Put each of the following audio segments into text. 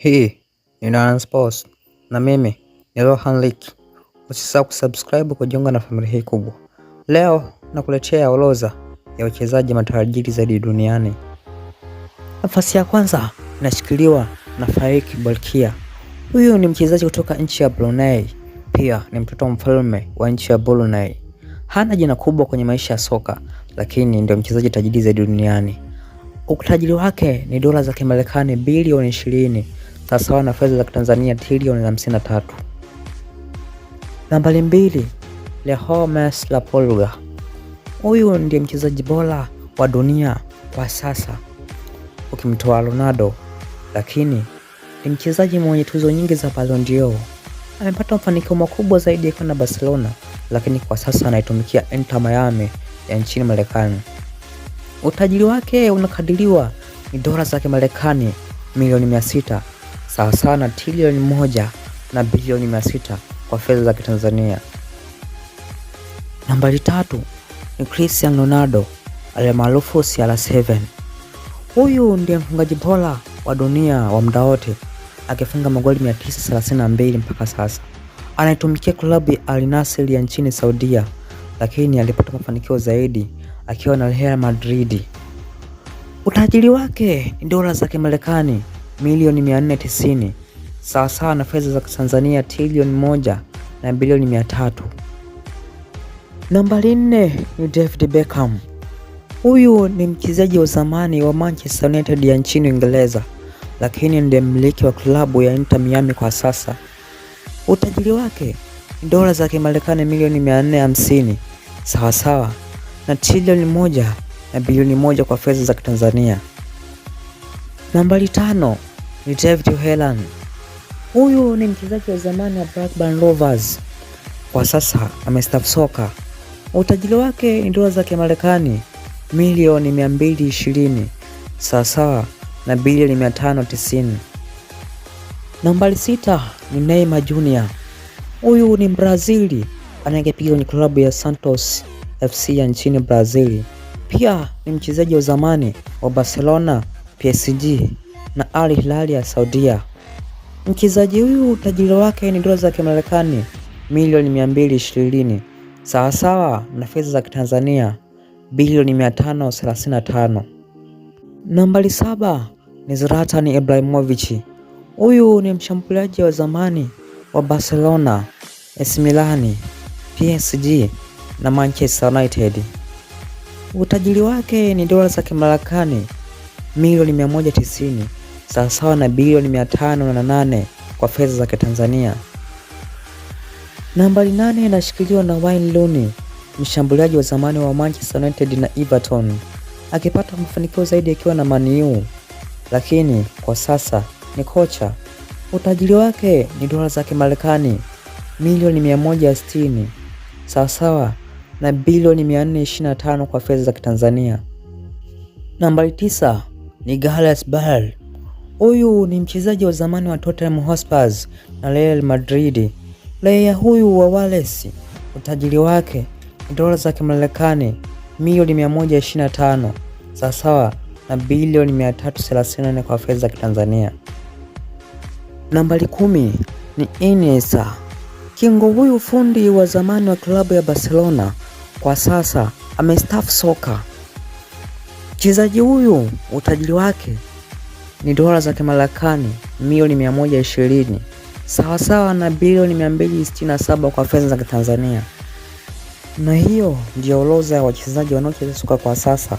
Hii ni Nurans Sports na mimi ni Rohan Lick. Usisahau kusubscribe kujiunga na familia hii kubwa. Leo nakuletea orodha ya wachezaji matajiri zaidi duniani. Nafasi ya kwanza inashikiliwa na Faik Balkia. Huyu ni mchezaji kutoka nchi ya Brunei, pia ni mtoto wa mfalme wa nchi ya Brunei. Hana jina kubwa kwenye maisha ya soka, lakini ndio mchezaji tajiri zaidi duniani. Utajiri wake ni dola za Kimarekani bilioni ishirini sawa na fedha za Kitanzania trilioni tatu. Nambari mbili, Lehomes lapolga huyu ndiye mchezaji bora wa dunia kwa sasa ukimtoa Ronaldo, lakini ni mchezaji mwenye tuzo nyingi za Ballon d'Or. Amepata mafanikio makubwa zaidi akiwa na Barcelona, lakini kwa sasa anaitumikia Inter Miami ya nchini Marekani. Utajiri wake unakadiriwa ni dola za Kimarekani milioni 600 sawasawa na trilioni moja na bilioni mia sita kwa fedha za Kitanzania. Nambari tatu ni Cristiano Ronaldo almaarufu CR7. Huyu ndiye mfungaji bora wa dunia wa muda wote akifunga magoli 932 mpaka sasa. Anaitumikia klabu ya Al Nassr ya nchini Saudia, lakini alipata mafanikio zaidi akiwa na Real Madrid. Utajiri wake ni dola za Kimarekani milioni 490 sawasawa na fedha za Tanzania trilioni moja na bilioni 300. Nambari nne ni David Beckham. Huyu ni mchezaji wa zamani wa Manchester United ya nchini Uingereza, lakini ndiye mmiliki wa klabu ya Inter Miami kwa sasa. Utajiri wake ni dola za Kimarekani milioni 450 sawasawa na trilioni moja na bilioni moja kwa fedha za Kitanzania. Nambari tano David Helan. Huyu ni mchezaji wa zamani wa Blackburn Rovers, kwa sasa amestaafu soka. Utajiri wake ni dola za Kimarekani milioni 220 sawasawa na bilioni 590. Nambari sita ni Neymar Jr. Huyu ni Brazili anayepiga kwenye klabu ya Santos FC ya nchini Brazil. Pia ni mchezaji wa zamani wa Barcelona, PSG na Al Hilal ya Saudia. Mchezaji huyu utajiri wake ni dola za Kimarekani milioni 220 sawasawa na fedha za Kitanzania bilioni 535. Nambari saba ni Zlatan Ibrahimovic. Huyu ni mshambuliaji wa zamani wa Barcelona, AC Milan, PSG na Manchester United. Utajiri wake ni dola za Kimarekani milioni 190 sawasawa na bilioni 508 kwa fedha za Kitanzania. Nambari nane inashikiliwa na Wayne Rooney, mshambuliaji wa zamani wa Manchester United na Everton, akipata mafanikio zaidi akiwa na Man U, lakini kwa sasa ni kocha. Utajiri wake ni dola za Kimarekani milioni 160 sawasawa na bilioni 425 kwa fedha za Kitanzania. Nambari tisa ni Gareth Bale. Huyu ni mchezaji wa zamani wa Tottenham Hotspur na Real Madrid. Player huyu wa Wales utajiri wake ni dola za Kimarekani milioni 125 sawasawa na bilioni 334 kwa fedha za Kitanzania. Nambari kumi ni Iniesta. Kingo huyu fundi wa zamani wa klabu ya Barcelona kwa sasa amestaafu soka. Mchezaji huyu utajiri wake ni dola za Kimarekani milioni 120 sawasawa na bilioni 267 kwa fedha za Kitanzania. Na hiyo ndio orodha ya wachezaji wanaocheza soka kwa sasa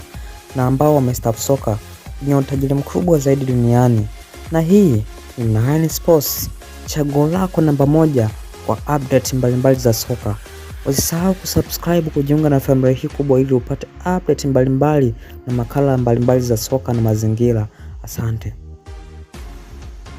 na ambao wamestaafu soka ni utajiri mkubwa zaidi duniani. Na hii ni Nine Sports, chaguo lako namba moja kwa update mbalimbali za soka. Usisahau kusubscribe kujiunga na familia hii kubwa ili upate update mbalimbali na makala mbalimbali za soka na mazingira. Asante.